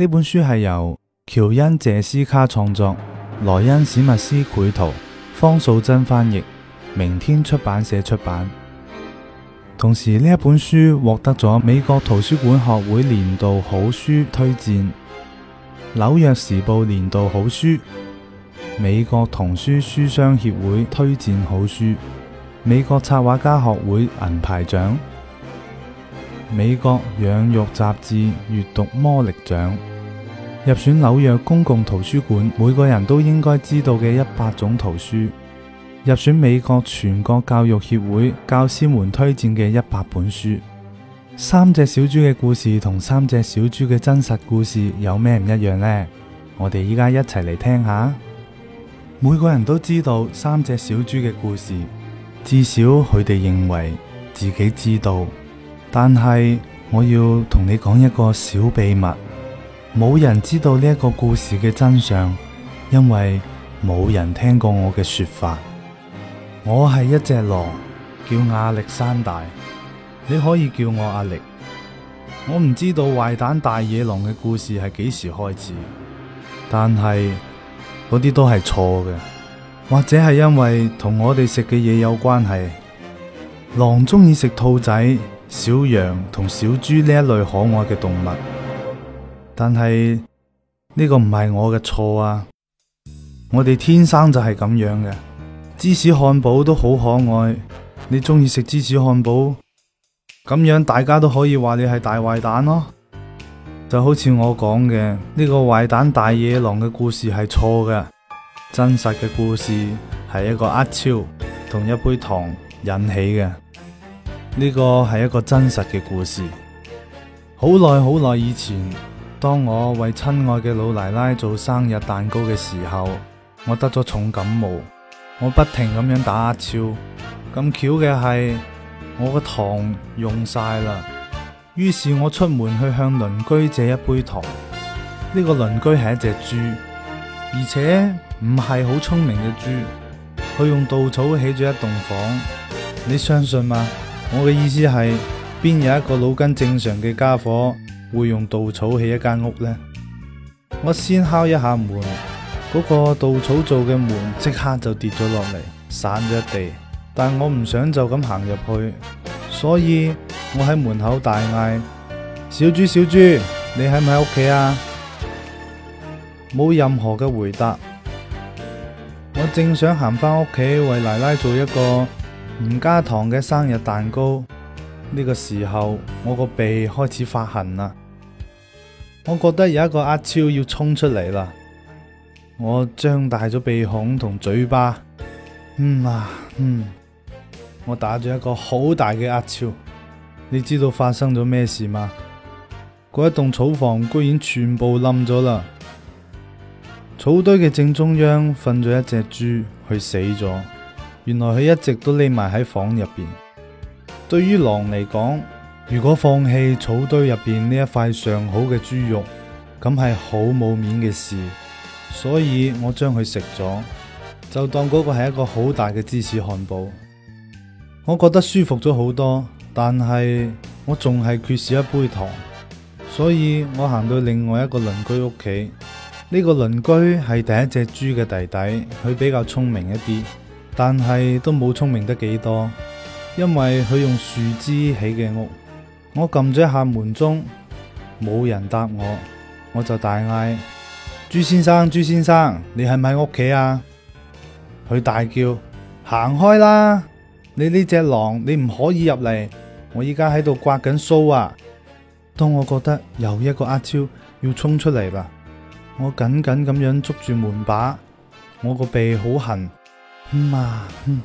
呢本書係由喬恩·謝斯卡創作，萊恩·史密斯繪圖，方素珍翻譯，明天出版社出版。同時呢一本書獲得咗美國圖書館學會年度好書推薦、紐約時報年度好書、美國童書書商協會推薦好書、美國插畫家學會銀牌獎、美國養育雜誌閱，閱讀魔力獎。入選紐約公共圖書館每個人都應該知道嘅一百種圖書，入選美國全國教育協會教師們推薦嘅一百本書。三隻小豬嘅故事同三隻小豬嘅真實故事有咩唔一樣呢？我哋依家一齊嚟聽下。每個人都知道三隻小豬嘅故事，至少佢哋認為自己知道。但係我要同你講一個小秘密。冇人知道呢一個故事嘅真相，因為冇人聽過我嘅說法。我係一隻狼，叫亞歷山大，你可以叫我亞歷。我唔知道壞蛋大野狼嘅故事係幾時開始，但係嗰啲都係錯嘅，或者係因為同我哋食嘅嘢有關係。狼中意食兔仔、小羊同小豬呢一類可愛嘅動物。但係呢個唔係我嘅錯啊！我哋天生就係咁樣嘅。芝士漢堡都好可愛，你中意食芝士漢堡咁樣，大家都可以話你係大壞蛋咯。就好似我講嘅，呢個壞蛋大野狼嘅故事係錯嘅，真實嘅故事係一個乞嗤同一杯糖引起嘅。呢個係一個真實嘅故事。好耐好耐以前。當我為親愛嘅老奶奶做生日蛋糕嘅時候，我得咗重感冒，我不停咁樣打阿超。咁巧嘅係，我個糖用晒啦，於是我出門去向鄰居借一杯糖。呢、這個鄰居係一隻豬，而且唔係好聰明嘅豬。佢用稻草起咗一棟房，你相信嗎？我嘅意思係，邊有一個腦筋正常嘅家伙會用稻草起一間屋呢。我先敲一下門，嗰個稻草做嘅門即刻就跌咗落嚟，散咗地。但我唔想就咁行入去，所以我喺門口大嗌：小豬，小豬，你喺唔喺屋企啊？冇任何嘅回答。我正想行翻屋企為奶奶做一個唔加糖嘅生日蛋糕，呢個時候我個鼻開始發痕啦。我覺得有一個乞嗤要衝出嚟啦！我張大咗鼻孔同嘴巴，嗯啊，嗯，我打咗一個好大嘅乞嗤。你知道發生咗咩事嗎？嗰一棟草房居然全部冧咗啦！草堆嘅正中央瞓咗一隻豬，佢死咗。原來佢一直都匿埋喺房入邊。對於狼嚟講，如果放棄草堆入邊呢一塊上好嘅豬肉，咁係好冇面嘅事，所以我將佢食咗，就當嗰個係一個好大嘅芝士漢堡。我覺得舒服咗好多，但係我仲係缺少一杯糖，所以我行到另外一個鄰居屋企。呢個鄰居係第一隻豬嘅弟弟，佢比較聰明一啲，但係都冇聰明得幾多，因為佢用樹枝起嘅屋。我撳咗一下門鐘，冇人答我，我就大嗌：朱先生，朱先生，你係咪喺屋企啊？佢大叫：行開啦！你呢隻狼，你唔可以入嚟！我依家喺度刮緊須啊！當我覺得又一個阿超要衝出嚟啦，我緊緊咁樣捉住門把，我個鼻好痕，嗯啊，嗯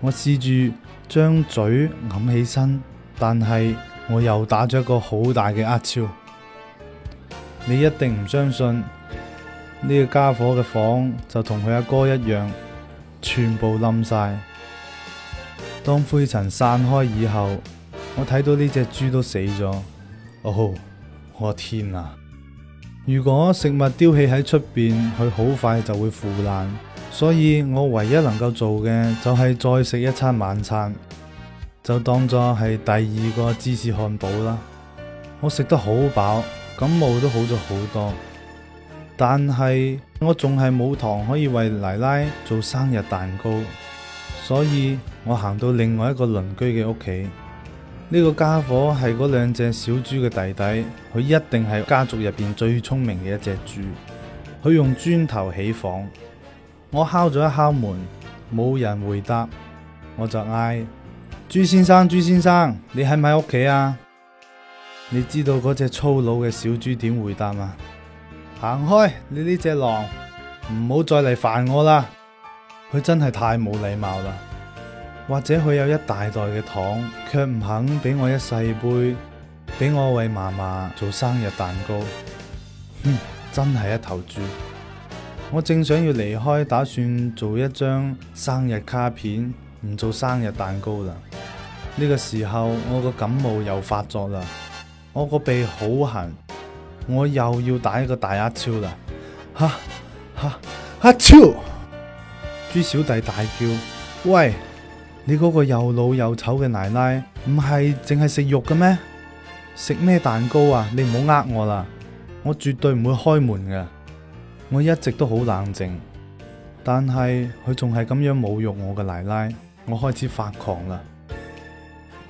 我試住將嘴揞起身，但係。我又打咗一個好大嘅壓超，你一定唔相信呢個家伙嘅房就同佢阿哥一樣，全部冧晒。當灰塵散開以後，我睇到呢隻豬都死咗。哦，我天啊！如果食物丟棄喺出邊，佢好快就會腐爛，所以我唯一能夠做嘅就係再食一餐晚餐。就當作係第二個芝士漢堡啦，我食得好飽，感冒都好咗好多。但係我仲係冇糖可以為奶奶做生日蛋糕，所以我行到另外一個鄰居嘅屋企。呢個家伙係嗰兩隻小豬嘅弟弟，佢一定係家族入邊最聰明嘅一隻豬。佢用磚頭起房，我敲咗一敲門，冇人回答，我就嗌。朱先生，朱先生，你喺唔喺屋企啊？你知道嗰隻粗魯嘅小豬點回答嗎？行開，你呢隻狼，唔好再嚟煩我啦！佢真係太冇禮貌啦。或者佢有一大袋嘅糖，卻唔肯俾我一細杯，俾我為嫲嫲做生日蛋糕。哼，真係一頭豬！我正想要離開，打算做一張生日卡片，唔做生日蛋糕啦。呢個時候我個感冒又發作啦，我個鼻好痕，我又要打一個大阿超啦！哈哈阿超，豬小弟大叫：喂，你嗰個又老又醜嘅奶奶唔係淨係食肉嘅咩？食咩蛋糕啊？你唔好呃我啦，我絕對唔會開門噶，我一直都好冷靜，但係佢仲係咁樣侮辱我嘅奶奶，我開始發狂啦。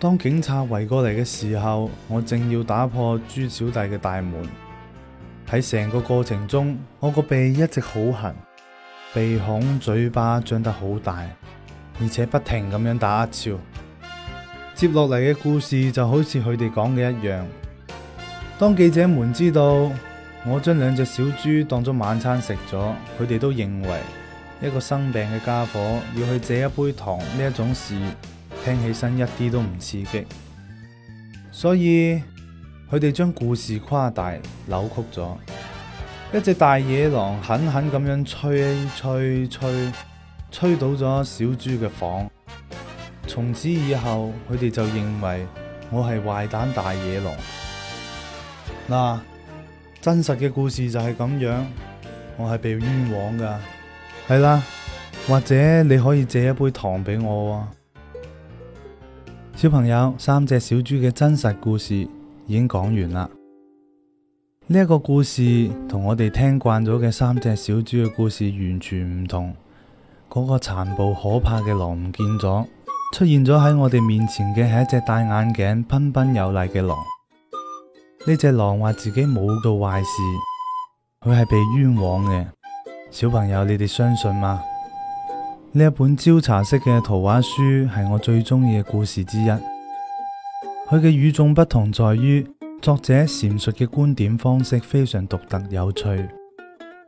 當警察圍過嚟嘅時候，我正要打破豬小弟嘅大門。喺成個過程中，我個鼻一直好痕，鼻孔、嘴巴張得好大，而且不停咁樣打一笑。接落嚟嘅故事就好似佢哋講嘅一樣。當記者們知道我將兩隻小豬當咗晚餐食咗，佢哋都認為一個生病嘅家伙要去借一杯糖呢一種事，聽起身一啲都唔刺激，所以佢哋將故事誇大扭曲咗。一隻大野狼狠狠咁樣吹吹吹，吹倒咗小豬嘅房。從此以後，佢哋就認為我係壞蛋大野狼。嗱、啊，真實嘅故事就係咁樣，我係被冤枉噶。係啦，或者你可以借一杯糖俾我喎。小朋友，三隻小豬嘅真實故事已經講完啦。呢一個故事同我哋聽慣咗嘅三隻小豬嘅故事完全唔同。嗰個殘暴可怕嘅狼唔見咗，出現咗喺我哋面前嘅係一隻戴眼鏡、彬彬有禮嘅狼。呢隻狼話自己冇做壞事，佢係被冤枉嘅。小朋友，你哋相信嗎？呢一本焦茶式嘅圖畫書係我最中意嘅故事之一。佢嘅與眾不同在於作者闡述嘅觀點方式非常獨特有趣。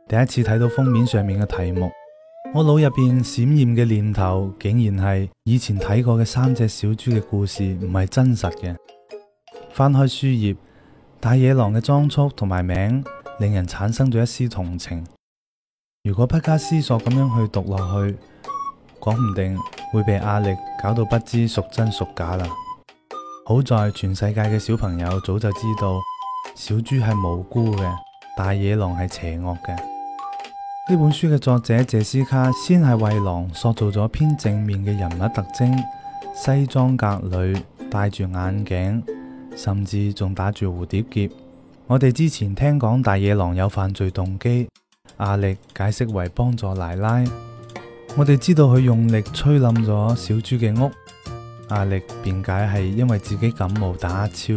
第一次睇到封面上面嘅題目，我腦入邊閃現嘅念頭竟然係以前睇過嘅三隻小豬嘅故事唔係真實嘅。翻開書頁，大野狼嘅裝束同埋名字令人產生咗一絲同情。如果不加思索咁樣去讀落去。講唔定會被阿力搞到不知孰真孰假啦。好在全世界嘅小朋友早就知道小豬係無辜嘅，大野狼係邪惡嘅。呢本書嘅作者謝斯卡先係為狼塑造咗偏正面嘅人物特徵，西裝革履，戴住眼鏡，甚至仲打住蝴蝶結。我哋之前聽講大野狼有犯罪動機，阿力解釋為幫助奶奶。我哋知道佢用力吹冧咗小豬嘅屋，亞力辯解係因為自己感冒打超，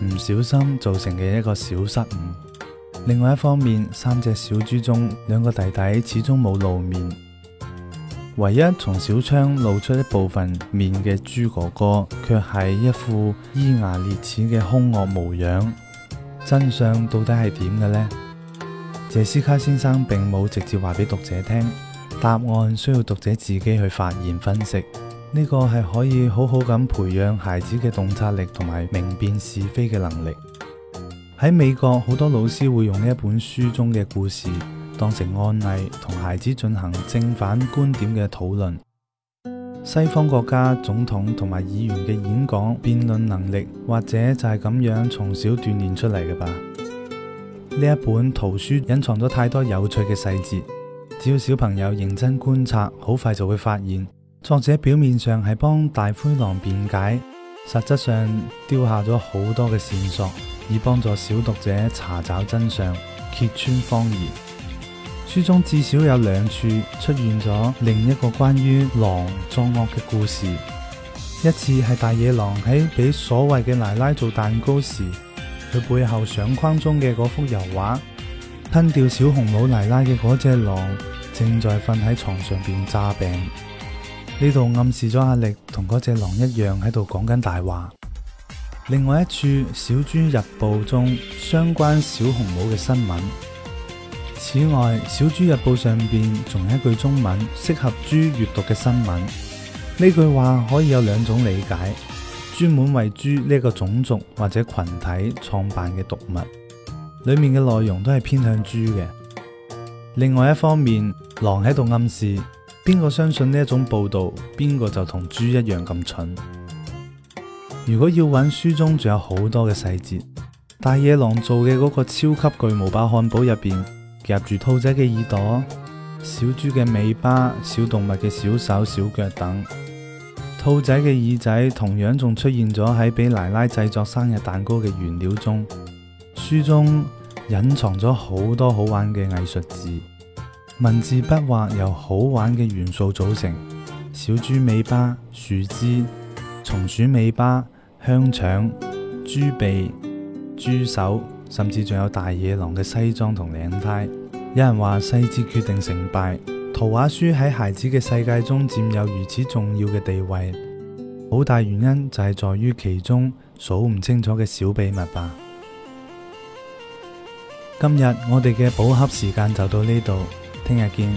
唔小心造成嘅一個小失誤。另外一方面，三隻小豬中兩個弟弟始終冇露面，唯一從小窗露出一部分面嘅豬哥哥，卻係一副咿牙裂齒嘅凶惡模樣。真相到底係點嘅呢？謝斯卡先生並冇直接話俾讀者聽。答案需要讀者自己去發現分析，呢個係可以好好咁培養孩子嘅洞察力同埋明辨是非嘅能力。喺美國，好多老師會用呢一本書中嘅故事當成案例，同孩子進行正反觀點嘅討論。西方國家總統同埋議員嘅演講辯論能力，或者就係咁樣從小鍛煉出嚟嘅吧。呢一本圖書隱藏咗太多有趣嘅細節。只要小朋友認真觀察，好快就會發現，作者表面上係幫大灰狼辯解，實質上丟下咗好多嘅線索，以幫助小讀者查找真相、揭穿謊言。書中至少有兩處出現咗另一個關於狼作惡嘅故事，一次係大野狼喺俾所謂嘅奶奶做蛋糕時，佢背後相框中嘅嗰幅油畫。吞掉小紅帽奶奶嘅嗰隻狼正在瞓喺床上邊詐病，呢度暗示咗阿力同嗰隻狼一樣喺度講緊大話。另外一處小豬日報中相關小紅帽嘅新聞。此外，小豬日報上邊仲有一句中文適合豬閱讀嘅新聞。呢句話可以有兩種理解：專門為豬呢一個種族或者群體創辦嘅讀物。裏面嘅內容都係偏向豬嘅。另外一方面，狼喺度暗示邊個相信呢一種報道，邊個就同豬一樣咁蠢。如果要揾書中，仲有好多嘅細節。大野狼做嘅嗰個超級巨無霸漢堡入邊，夾住兔仔嘅耳朵，小豬嘅尾巴，小動物嘅小手小腳等。兔仔嘅耳仔同樣仲出現咗喺俾奶奶製作生日蛋糕嘅原料中。書中隱藏咗好多好玩嘅藝術字，文字筆畫由好玩嘅元素組成，小豬尾巴、樹枝、松鼠尾巴、香腸、豬鼻、豬手，甚至仲有大野狼嘅西裝同領呔。有人話：細節決定成敗。圖畫書喺孩子嘅世界中佔有如此重要嘅地位，好大原因就係在於其中數唔清楚嘅小秘密吧。今日我哋嘅寶盒時間就到呢度，聽日見。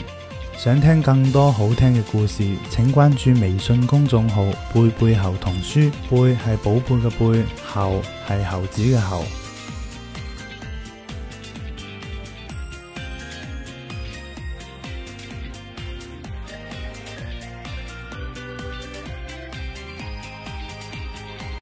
想聽更多好聽嘅故事，請關注微信公眾號“貝貝猴童書”，貝係寶貝嘅貝，猴係猴子嘅猴。